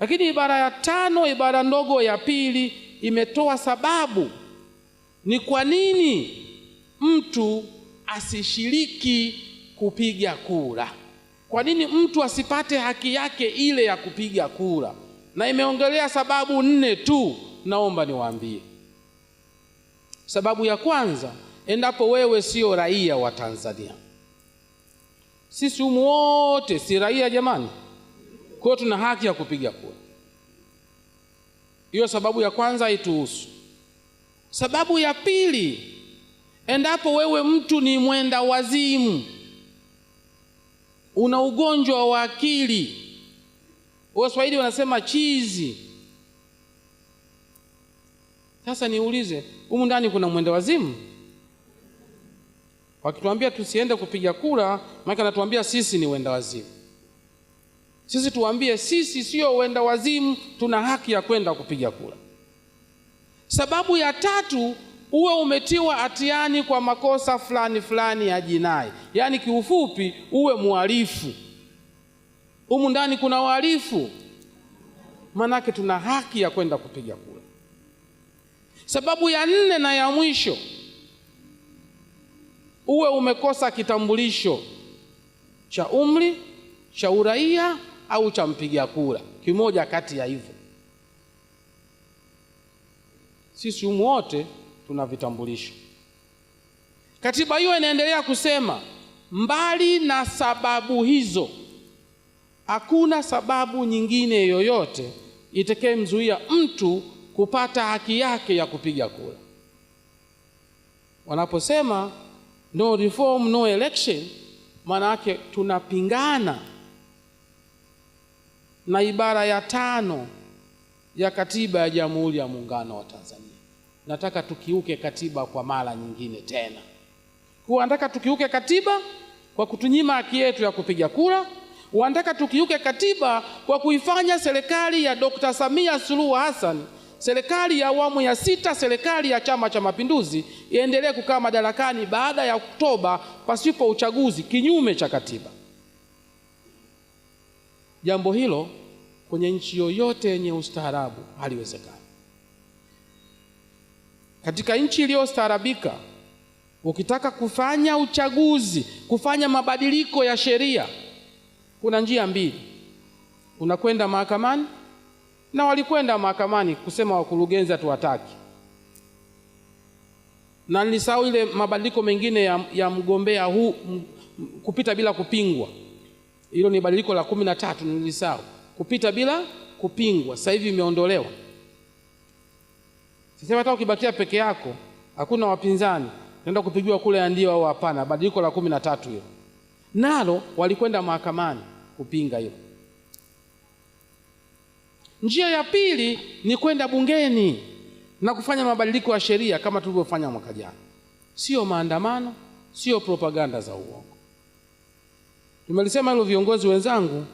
Lakini ibara ya tano, ibara ndogo ya pili imetoa sababu ni kwa nini mtu asishiriki kupiga kura, kwa nini mtu asipate haki yake ile ya kupiga kura, na imeongelea sababu nne tu. Naomba niwaambie sababu ya kwanza, endapo wewe sio raia wa Tanzania, sisi humu wote si raia jamani. Kwa hiyo tuna haki ya kupiga kura. Hiyo sababu ya kwanza haituhusu. Sababu ya pili, endapo wewe mtu ni mwenda wazimu, una ugonjwa wa akili, Waswahili wanasema chizi. Sasa niulize, humu ndani kuna mwenda wazimu? Wakituambia tusiende kupiga kura, maana anatuambia sisi ni wenda wazimu. Sisi tuambie sisi sio wenda wazimu, tuna haki ya kwenda kupiga kura. Sababu ya tatu, uwe umetiwa hatiani kwa makosa fulani fulani ya jinai, yaani kiufupi uwe mhalifu. Humu ndani kuna wahalifu, maanake tuna haki ya kwenda kupiga kura. Sababu ya nne na ya mwisho, uwe umekosa kitambulisho cha umri cha uraia au cha mpiga kura, kimoja kati ya hivyo. Sisi humu wote tuna vitambulisho. Katiba hiyo inaendelea kusema, mbali na sababu hizo, hakuna sababu nyingine yoyote itakayemzuia mtu kupata haki yake ya kupiga kura. Wanaposema no reform no election, maana yake tunapingana na ibara ya tano ya katiba ya Jamhuri ya Muungano wa Tanzania. Nataka tukiuke katiba kwa mara nyingine tena. Wanataka tukiuke katiba kwa kutunyima haki yetu ya kupiga kura. Wanataka tukiuke katiba kwa kuifanya serikali ya Dr. Samia Suluhu Hassan, serikali ya awamu ya sita, serikali ya Chama cha Mapinduzi iendelee kukaa madarakani baada ya Oktoba pasipo uchaguzi, kinyume cha katiba. Jambo hilo kwenye nchi yoyote yenye ustaarabu haliwezekani. Katika nchi iliyostaarabika, ukitaka kufanya uchaguzi, kufanya mabadiliko ya sheria, kuna njia mbili: unakwenda mahakamani, na walikwenda mahakamani kusema wakurugenzi hatuwataki na nilisahau ile mabadiliko mengine ya, ya mgombea huu m, kupita bila kupingwa. Hilo ni badiliko la kumi na tatu, nilisahau. Kupita bila kupingwa, sasa hivi imeondolewa. Sasa hata ukibakia peke yako, hakuna wapinzani, naenda kupigiwa kule ya ndio au hapana. Badiliko la kumi na tatu hilo nalo walikwenda mahakamani kupinga hilo. Njia ya pili ni kwenda bungeni na kufanya mabadiliko ya sheria kama tulivyofanya mwaka jana, sio maandamano, sio propaganda za uongo. Tumelisema hilo viongozi wenzangu,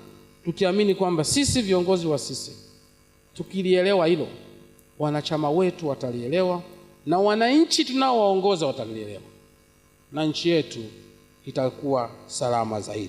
tukiamini kwamba sisi viongozi wa sisi tukilielewa hilo, wanachama wetu watalielewa na wananchi tunaowaongoza watalielewa na nchi yetu itakuwa salama zaidi.